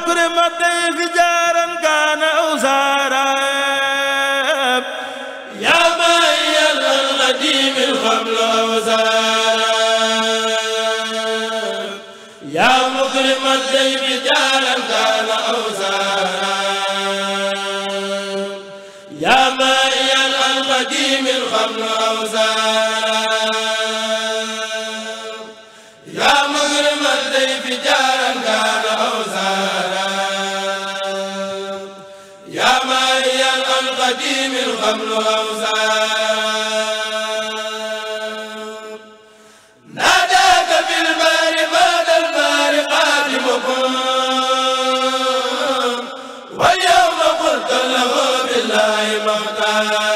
أكرم الضيف جارا كان أو زارا يا مي القديم الخمل أو زارا يا مكرم الضيف جارا كان أو زارا يا مي القديم الخمل أو زارا القديم الغمل أوزار ناداك في البار بعد البار قادمكم واليوم قلت له بالله مختار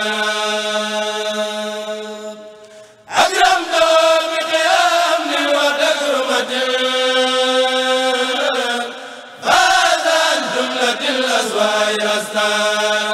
الأزواج أستاذ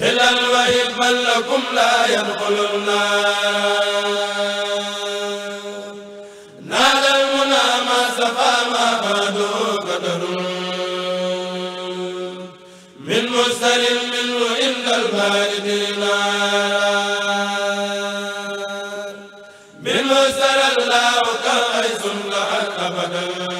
خلال وهب لكم لا يدخلون نال المنى ما سفى ما بعده قدر من مستر منه عند الباردين من مستر الله كغيث لحق ابدا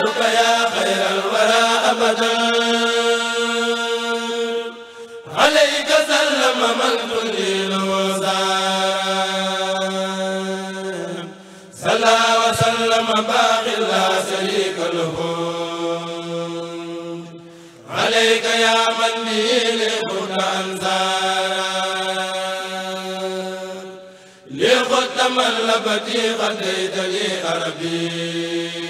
جارك يا خير الورى أبدا عليك سلم من تنجيل وزار صلى وسلم باقي لا شريك له عليك يا من لي لخد أنزار لخد من لبتي قد لي أربي